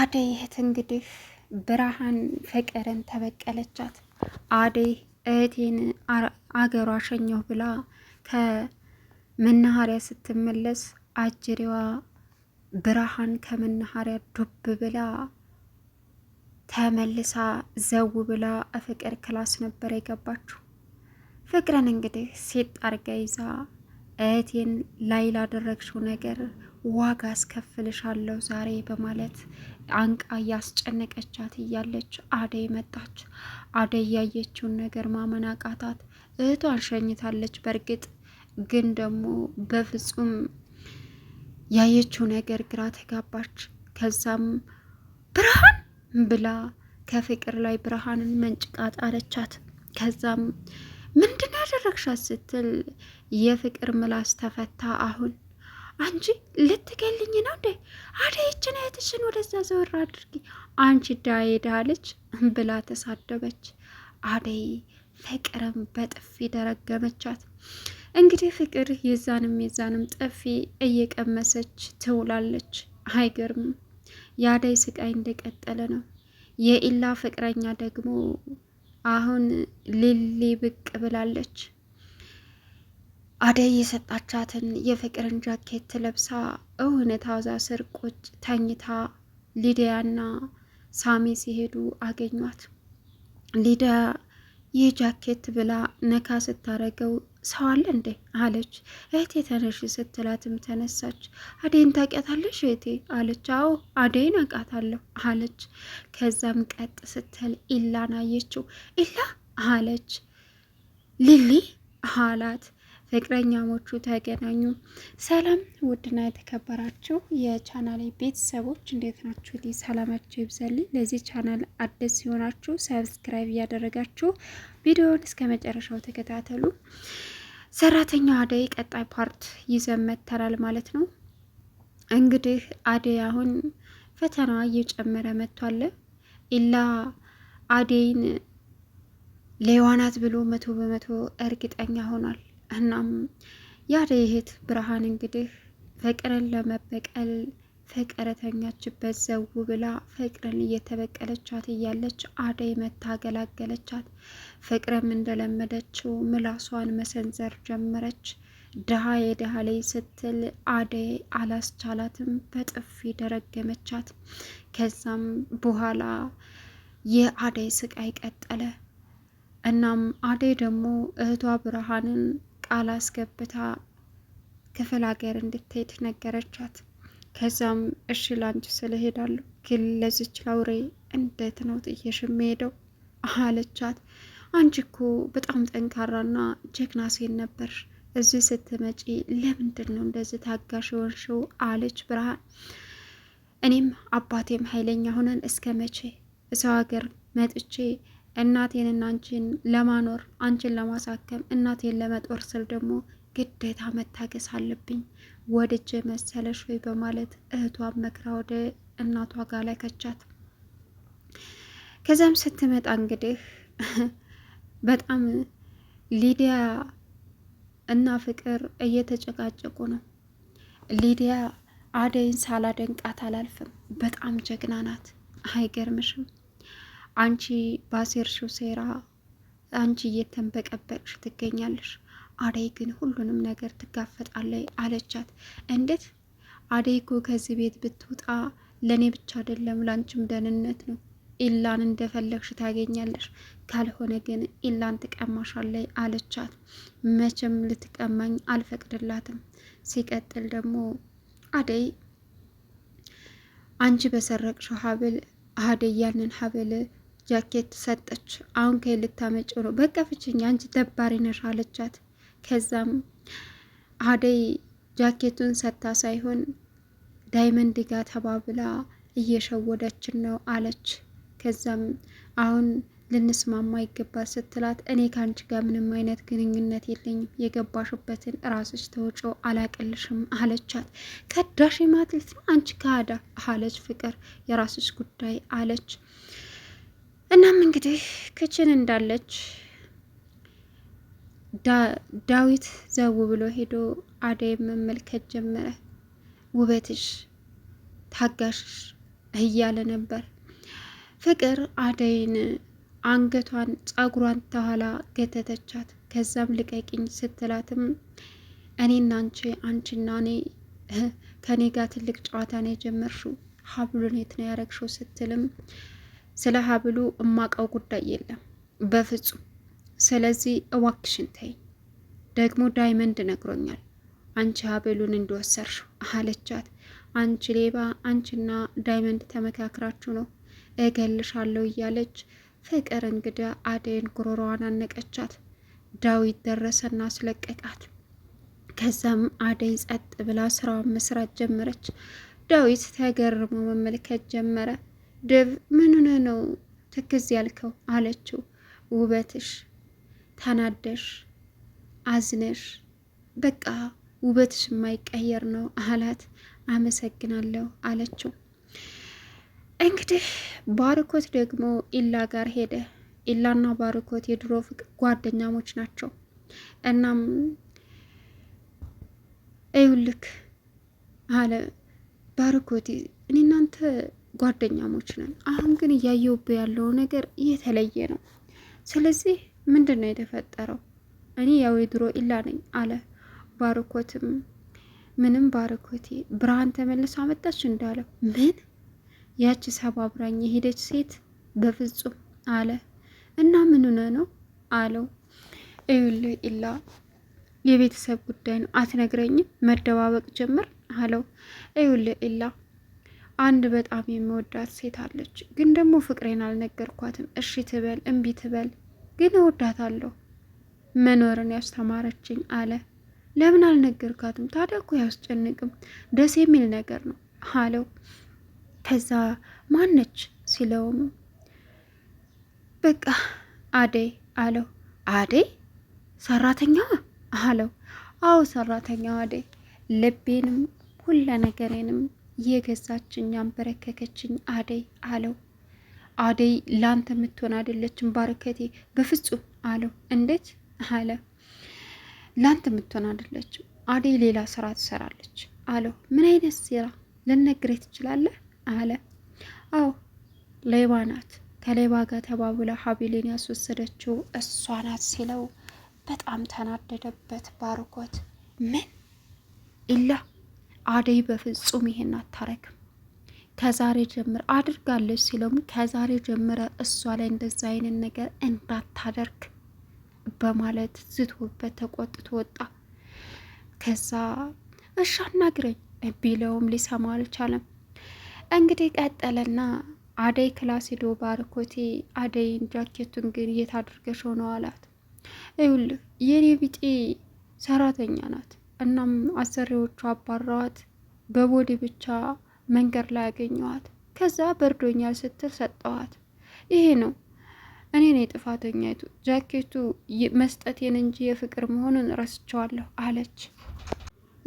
አደይ እህት እንግዲህ ብርሃን ፍቅርን ተበቀለቻት። አደይ እህቴን አገሯ ሸኘሁ ብላ ከመናኸሪያ ስትመለስ አጅሬዋ ብርሃን ከመናኸሪያ ዱብ ብላ ተመልሳ ዘው ብላ ፍቅር ክላስ ነበር የገባችው። ፍቅርን እንግዲህ ሴት አርጋ ይዛ እህቴን ላይ ላደረግሽው ነገር ዋጋ አስከፍልሻለሁ ዛሬ በማለት አንቃ እያስጨነቀቻት እያለች አደይ መጣች። አደይ ያየችውን ነገር ማመን አቃታት። እህቷን ሸኝታለች። በእርግጥ ግን ደግሞ በፍጹም ያየችው ነገር ግራ ተጋባች። ከዛም ብርሃን ብላ ከፍቅር ላይ ብርሃንን መንጭቃ ጣለቻት። ከዛም ምንድን ያደረግሻት ስትል የፍቅር ምላስ ተፈታ። አሁን አንቺ ልትገልኝ ነው እንዴ? ይችን እህትሽን ወደዛ ዘወር አድርጊ አንቺ ዳዬ ብላ ተሳደበች። አደይ ፍቅርም በጥፊ ደረገመቻት። እንግዲህ ፍቅር የዛንም የዛንም ጥፊ እየቀመሰች ትውላለች። አይገርምም። የአደይ ስቃይ እንደቀጠለ ነው። የኢላ ፍቅረኛ ደግሞ አሁን ሊሊ ብቅ ብላለች። አደይ የሰጣቻትን የፍቅርን ጃኬት ለብሳ እውነት አዛ ስር ቁጭ ተኝታ ሊዲያና ሳሚ ሲሄዱ አገኟት። ሊዲያ ይህ ጃኬት ብላ ነካ ስታረገው ሰው አለ እንዴ አለች። እህቴ ተነሽ ስትላትም ተነሳች። አደይን ታውቂያታለሽ እህቴ አለች። አዎ አደይን አውቃታለሁ አለች። ከዛም ቀጥ ስትል ኢላን አየችው። ኢላ አለች። ሊሊ አላት። ፍቅረኛሞቹ ተገናኙ። ሰላም ውድና የተከበራችሁ የቻናል ቤተሰቦች እንዴት ናችሁ? ሊ ሰላማችሁ ይብዛልኝ። ለዚህ ቻናል አዲስ ሲሆናችሁ ሰብስክራይብ እያደረጋችሁ ቪዲዮውን እስከ መጨረሻው ተከታተሉ። ሰራተኛዋ አደይ ቀጣይ ፓርት ይዘን መጥተናል ማለት ነው። እንግዲህ አደይ አሁን ፈተናዋ እየጨመረ መጥቷለ ኢላ አደይን ለዋናት ብሎ መቶ በመቶ እርግጠኛ ሆኗል። እናም የአደይ እህት ብርሃን እንግዲህ ፍቅርን ለመበቀል ፍቅር ዘው ብላ ፍቅርን እየተበቀለቻት እያለች አደይ መታገላገለቻት። ፍቅርም እንደለመደችው ምላሷን መሰንዘር ጀመረች። ድሃ የድሀ ላይ ስትል አደይ አላስቻላትም፣ በጥፊ ደረገመቻት። ከዛም በኋላ የአደይ ስቃይ ቀጠለ። እናም አደይ ደግሞ እህቷ ብርሃንን ቃል አስገብታ ክፍል ሀገር እንድትሄድ ነገረቻት። ከዛም እሺ ላንቺ ስለሄዳሉ ግን ለዚች ላውሬ እንዴት ነው ጥየሽ የምሄደው አለቻት። አንቺ እኮ በጣም ጠንካራና ጀግና ሴት ነበር። እዚህ ስትመጪ ለምንድን ነው እንደዚህ ታጋሽ የሆንሽው? አለች ብርሃን። እኔም አባቴም ኃይለኛ ሆነን እስከ መቼ እሰው ሀገር መጥቼ እናቴንና አንቺን ለማኖር አንቺን ለማሳከም እናቴን ለመጦር ስል ደግሞ ግዴታ መታገስ አለብኝ ወድጄ መሰለሽ ወይ በማለት እህቷን መክራ ወደ እናቷ ጋር ላይ ከቻት። ከዚያም ስትመጣ እንግዲህ በጣም ሊዲያ እና ፍቅር እየተጨቃጨቁ ነው። ሊዲያ አደይን ሳላደንቃት አላልፍም። በጣም ጀግና ናት። አይገርምሽም? አንቺ ባሴርሽው ሴራ አንቺ እየተንበቀበቅሽ ትገኛለሽ። አደይ ግን ሁሉንም ነገር ትጋፈጣለች አለቻት። እንዴት አደይ እኮ ከዚህ ቤት ብትወጣ ለእኔ ብቻ አይደለም ላንቺም ደህንነት ነው። ኢላን እንደፈለግሽ ታገኛለሽ፣ ካልሆነ ግን ኢላን ትቀማሻለች አለቻት። መቼም ልትቀማኝ አልፈቅድላትም። ሲቀጥል ደግሞ አደይ አንቺ በሰረቅሽው ሀብል አደይ ያንን ሀብል ጃኬት ሰጠች። አሁን ከየት ልታመጭ ነው? በቃ ፍችኝ፣ አንቺ ደባሪ ነሽ አለቻት። ከዛም አደይ ጃኬቱን ሰታ ሳይሆን ዳይመንድ ጋር ተባብላ እየሸወደችን ነው አለች። ከዛም አሁን ልንስማማ ይገባል ስትላት እኔ ከአንቺ ጋር ምንም አይነት ግንኙነት የለኝም፣ የገባሽበትን ራስሽ ተውጮ አላቅልሽም አለቻት። ከዳሽ ማትልት አንቺ ካዳ አለች። ፍቅር የራስሽ ጉዳይ አለች። እናም እንግዲህ ክችን እንዳለች ዳዊት ዘው ብሎ ሄዶ አደይ መመልከት ጀመረ። ውበትሽ፣ ታጋሽሽ እያለ ነበር። ፍቅር አደይን አንገቷን፣ ጸጉሯን ተኋላ ገተተቻት። ከዛም ልቀቂኝ ስትላትም እኔና አንቺ አንቺና እኔ ከኔ ጋር ትልቅ ጨዋታ ነው የጀመርሽው፣ ሀብሉኔት ነው ያረግሽው ስትልም ስለ ሀብሉ እማቀው ጉዳይ የለም በፍጹም። ስለዚህ እዋክሽን ተይኝ። ደግሞ ዳይመንድ ነግሮኛል አንቺ ሀብሉን እንዲወሰርሽው አለቻት። አንቺ ሌባ፣ አንቺና ዳይመንድ ተመካክራችሁ ነው እገልሻለሁ እያለች ፍቅር እንግዳ አደይን ጉሮሮዋን አነቀቻት። ዳዊት ደረሰና አስለቀቃት። ከዛም አደይ ጸጥ ብላ ስራዋን መስራት ጀመረች። ዳዊት ተገርሞ መመልከት ጀመረ። ድብ ምንነ ነው ትክዝ ያልከው አለችው። ውበትሽ ተናደሽ አዝነሽ በቃ ውበትሽ የማይቀየር ነው አላት። አመሰግናለሁ አለችው። እንግዲህ ባርኮት ደግሞ ኢላ ጋር ሄደ። ኢላና ባርኮት የድሮ ጓደኛሞች ናቸው። እናም እዩልክ አለ ባርኮት እኔ እናንተ ጓደኛሞች ነን። አሁን ግን እያየውብ ያለው ነገር የተለየ ነው። ስለዚህ ምንድን ነው የተፈጠረው? እኔ ያው የድሮ ኢላ ነኝ አለ ባርኮትም ምንም ባርኮቴ ብርሃን ተመልሶ አመጣች እንዳለው ምን ያቺ ሰባብራኝ የሄደች ሴት በፍጹም አለ እና ምን ሆነ ነው አለው እዩል ኢላ የቤተሰብ ጉዳይ ነው አትነግረኝም መደባበቅ ጀምር አለው እዩል ኢላ አንድ በጣም የሚወዳት ሴት አለች፣ ግን ደግሞ ፍቅሬን አልነገርኳትም። እሺ ትበል እምቢ ትበል፣ ግን እወዳታለሁ። መኖርን ያስተማረችኝ አለ። ለምን አልነገርካትም? ታዲያ እኮ አያስጨንቅም፣ ደስ የሚል ነገር ነው አለው። ከዛ ማነች ሲለውም በቃ አደይ አለው። አደይ ሰራተኛዋ አለው። አዎ ሰራተኛዋ አደይ ልቤንም ሁለ ነገሬንም የገዛች እኛም በረከከችኝ አደይ አለው። አደይ ላንተ የምትሆን አይደለችም ባረከቴ፣ በፍጹም አለው። እንዴት አለ። ላንተ የምትሆን አይደለችም አደይ፣ ሌላ ስራ ትሰራለች አለው። ምን አይነት ስራ ልነግሬ ትችላለህ አለ። አዎ ሌባ ናት፣ ከሌባ ጋር ተባብላ ሀቢሌን ያስወሰደችው እሷ ናት ሲለው በጣም ተናደደበት ባርኮት ምን ኢላ አደይ በፍጹም ይሄን አታረግም። ከዛሬ ጀምር አድርጋለች ሲለም ከዛሬ ጀምረ እሷ ላይ እንደዛ አይነት ነገር እንዳታደርግ በማለት ዝቶበት ተቆጥቶ ወጣ። ከዛ እሺ አናግረኝ ቢለውም ሊሰማ አልቻለም። እንግዲህ ቀጠለና አደይ ክላስ ሄዶ ባርኮቴ አደይን ጃኬቱን ግን የት አድርገሽው ነው አላት። ይኸውልህ የኔ ቢጤ ሰራተኛ ናት እናም አሰሪዎቹ አባረዋት። በቦዲ ብቻ መንገድ ላይ ያገኘዋት። ከዛ በርዶኛል ስትል ሰጠዋት። ይሄ ነው እኔ ነኝ ጥፋተኛይቱ። ጃኬቱ መስጠቴን እንጂ የፍቅር መሆኑን ረስቸዋለሁ አለች።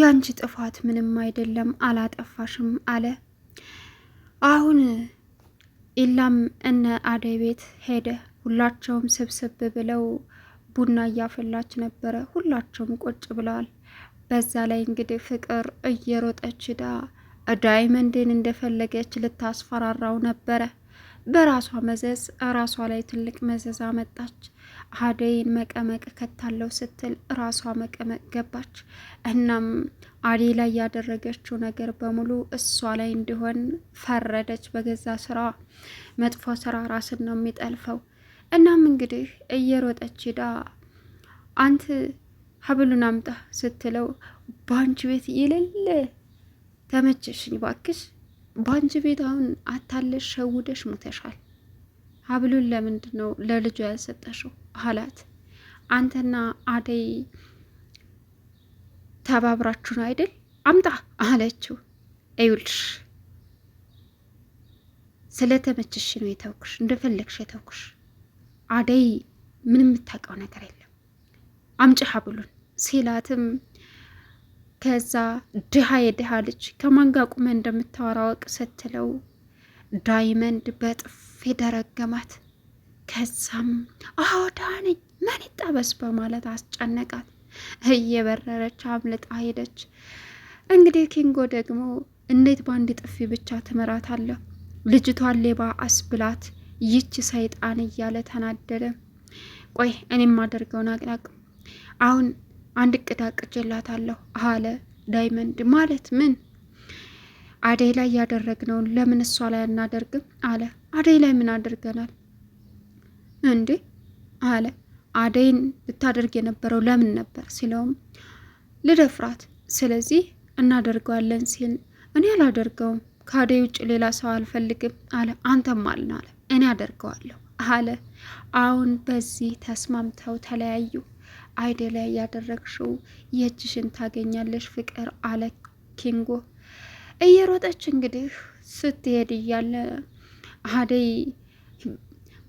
ያንቺ ጥፋት ምንም አይደለም አላጠፋሽም አለ። አሁን ኢላም እነ አደይ ቤት ሄደ። ሁላቸውም ስብስብ ብለው ቡና እያፈላች ነበረ። ሁላቸውም ቁጭ ብለዋል። በዛ ላይ እንግዲህ ፍቅር እየሮጠች ዳ ዳይመንድን እንደፈለገች ልታስፈራራው ነበረ። በራሷ መዘዝ ራሷ ላይ ትልቅ መዘዝ አመጣች። አደይን መቀመቅ ከታለው ስትል ራሷ መቀመቅ ገባች። እናም አደይ ላይ ያደረገችው ነገር በሙሉ እሷ ላይ እንዲሆን ፈረደች። በገዛ ስራዋ መጥፎ ስራ ራስን ነው የሚጠልፈው። እናም እንግዲህ እየሮጠች ሂዳ አንት ሀብሉን አምጣ ስትለው ባንች ቤት የሌለ ተመቸሽኝ፣ ባክሽ ባንች ቤት አሁን አታለሽ ሸውደሽ ሙተሻል። ሀብሉን ለምንድን ነው ለልጁ ያልሰጠሽው አላት። አንተና አደይ ተባብራችሁ ነው አይደል? አምጣ አለችው። ይኸውልሽ ስለተመቸሽ ነው የተውኩሽ፣ እንደፈለግሽ የተውኩሽ። አደይ ምንም የምታውቀው ነገር የለም። አምጪ ሀብሉን ሲላትም ከዛ ድሃ የድሃ ልጅ ከማን ጋር ቁመ ስትለው ዳይመንድ በጥፍ የደረገማት። ከዛም አዎ ድሃ ነኝ ይጠበስ በማለት አስጨነቃት። እየበረረች አምልጣ ሄደች። እንግዲህ ኪንጎ ደግሞ እንዴት በአንድ ጥፊ ብቻ ትምራት አለ። ልጅቷን ሌባ አስብላት ይች ሰይጣን እያለ ተናደደ። ቆይ እኔም አደርገውን አቅናቅም አሁን አንድ እቅድ አቅጄላታለሁ አለ ዳይመንድ። ማለት ምን? አደይ ላይ ያደረግነውን ለምን እሷ ላይ አናደርግም? አለ አደይ ላይ ምን አድርገናል እንዴ? አለ አደይን ልታደርግ የነበረው ለምን ነበር ሲለውም ልደፍራት፣ ስለዚህ እናደርገዋለን ሲል እኔ አላደርገውም ከአደይ ውጭ ሌላ ሰው አልፈልግም አለ። አንተም አልን አለ እኔ አደርገዋለሁ አለ። አሁን በዚህ ተስማምተው ተለያዩ። አይደ ላይ ያደረግሽው የእጅሽን ታገኛለሽ ፍቅር አለ ኪንጎ። እየሮጠች እንግዲህ ስትሄድ እያለ አደይ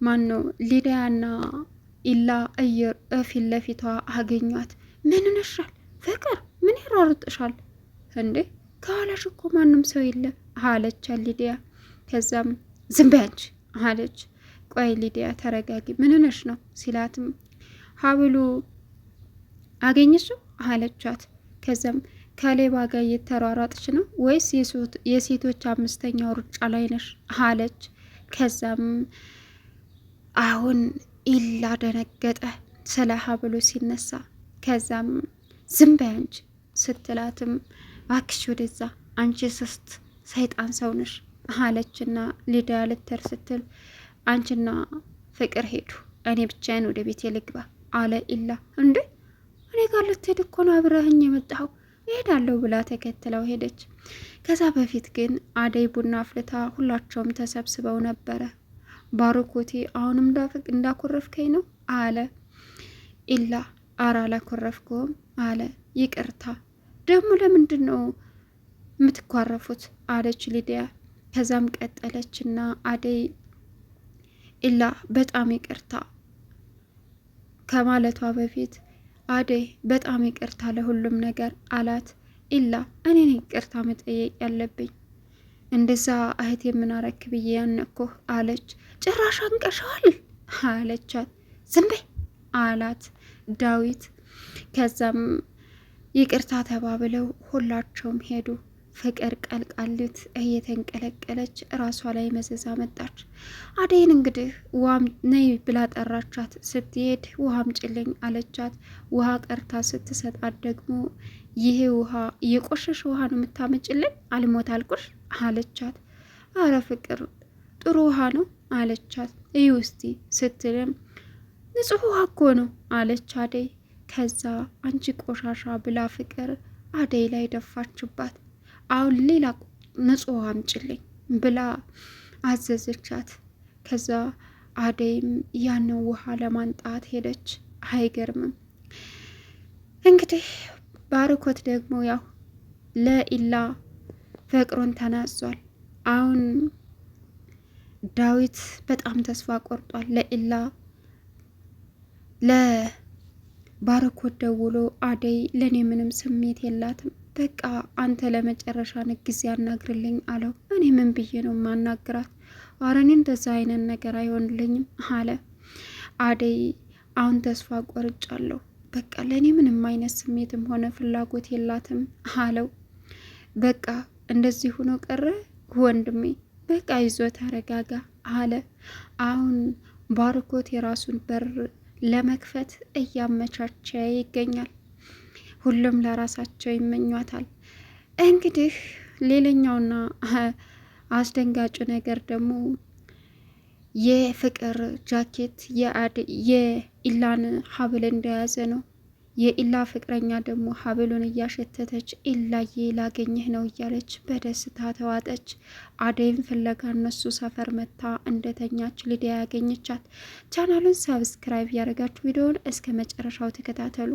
ማን ነው ሊዳያና ኢላ ፊት ለፊቷ አገኟት። ምን ነሻል ፍቅር? ምን ይሯሩጥሻል እንዴ? ከኋላሽ እኮ ማንም ሰው የለም አለቻ ሊዲያ። ከዛም ዝም በይ አንቺ አለች። ቆይ ሊዲያ ተረጋጊ፣ ምንነሽ ነው ሲላትም ሀብሉ አገኘሽው አለቻት። ከዚም ከሌባ ጋር እየተሯሯጥች ነው ወይስ የሴቶች አምስተኛው ሩጫ ላይ ነሽ አለች። ከዛም አሁን ኢላ ደነገጠ ስለ ሀብሉ ሲነሳ። ከዛም ዝም በይ አንቺ ስትላትም እባክሽ ወደዛ አንቺ ስስት ሰይጣን ሰው ነሽ አለችና ሊዳ ልትር ስትል አንቺና ፍቅር ሄዱ። እኔ ብቻዬን ወደ ቤቴ ልግባ አለ ኢላ። እንዴ እኔ ጋር ልትሄድ እኮ ነው አብረህኝ የመጣኸው እሄዳለሁ ብላ ተከትለው ሄደች። ከዛ በፊት ግን አደይ ቡና አፍልታ ሁላቸውም ተሰብስበው ነበረ። ባርኮቴ አሁንም እንዳኮረፍከኝ ነው አለ ኢላ። አራ አላኮረፍኩም አለ። ይቅርታ ደግሞ ለምንድን ነው የምትኳረፉት? አለች ሊዲያ። ከዛም ቀጠለችና አደይ ኢላ በጣም ይቅርታ ከማለቷ በፊት አደይ በጣም ይቅርታ ለሁሉም ነገር አላት። ኢላ እኔን ይቅርታ መጠየቅ ያለብኝ እንደዛ እህት የምናረክ ብዬ ያነኩህ አለች። ጭራሽ አንቀሻዋል አለቻት። ዝም በይ አላት ዳዊት። ከዛም ይቅርታ ተባብለው ሁላቸውም ሄዱ። ፍቅር ቀልቃሊት እየተንቀለቀለች ራሷ ላይ መዘዛ መጣች። አደይን እንግዲህ ውሃም ነይ ብላ ጠራቻት። ስትሄድ ውሃም ጭልኝ አለቻት። ውሃ ቀርታ ስትሰጣት ደግሞ ይሄ ውሃ የቆሸሽ ውሃ ነው የምታመጭልኝ፣ አልሞት አልቆሽ አለቻት። አረ ፍቅር ጥሩ ውሃ ነው አለቻት። እይ ውስቲ ስትልም ንጹህ ውሃ እኮ ነው አለች አደይ። ከዛ አንቺ ቆሻሻ ብላ ፍቅር አደይ ላይ ደፋችባት። አሁን ሌላ ንጹህ አምጭልኝ ብላ አዘዘቻት። ከዛ አደይም ያንን ውሃ ለማንጣት ሄደች። አይገርምም እንግዲህ ባርኮት ደግሞ ያው ለኢላ ፍቅሩን ተናዟል። አሁን ዳዊት በጣም ተስፋ ቆርጧል። ለኢላ ለባርኮት ደውሎ አደይ ለእኔ ምንም ስሜት የላትም በቃ አንተ ለመጨረሻ ጊዜ አናግርልኝ አለው። እኔ ምን ብዬ ነው ማናግራት? አረ እኔ እንደዛ አይነት ነገር አይሆንልኝም አለ አደይ። አሁን ተስፋ ቆርጫለሁ። በቃ ለእኔ ምንም አይነት ስሜትም ሆነ ፍላጎት የላትም አለው። በቃ እንደዚህ ሆኖ ቀረ ወንድሜ፣ በቃ ይዞ ተረጋጋ አለ። አሁን ባርኮት የራሱን በር ለመክፈት እያመቻቸ ይገኛል። ሁሉም ለራሳቸው ይመኟታል። እንግዲህ ሌላኛውና አስደንጋጩ ነገር ደግሞ የፍቅር ጃኬት የኢላን ሀብል እንደያዘ ነው። የኢላ ፍቅረኛ ደግሞ ሀብሉን እያሸተተች ኢላዬ ላገኘህ ነው እያለች በደስታ ተዋጠች። አደይም ፍለጋ እነሱ ሰፈር መታ እንደተኛች ሊዲያ ያገኘቻት። ቻናሉን ሳብስክራይብ ያደረጋችሁ ቪዲዮውን እስከ መጨረሻው ተከታተሉ።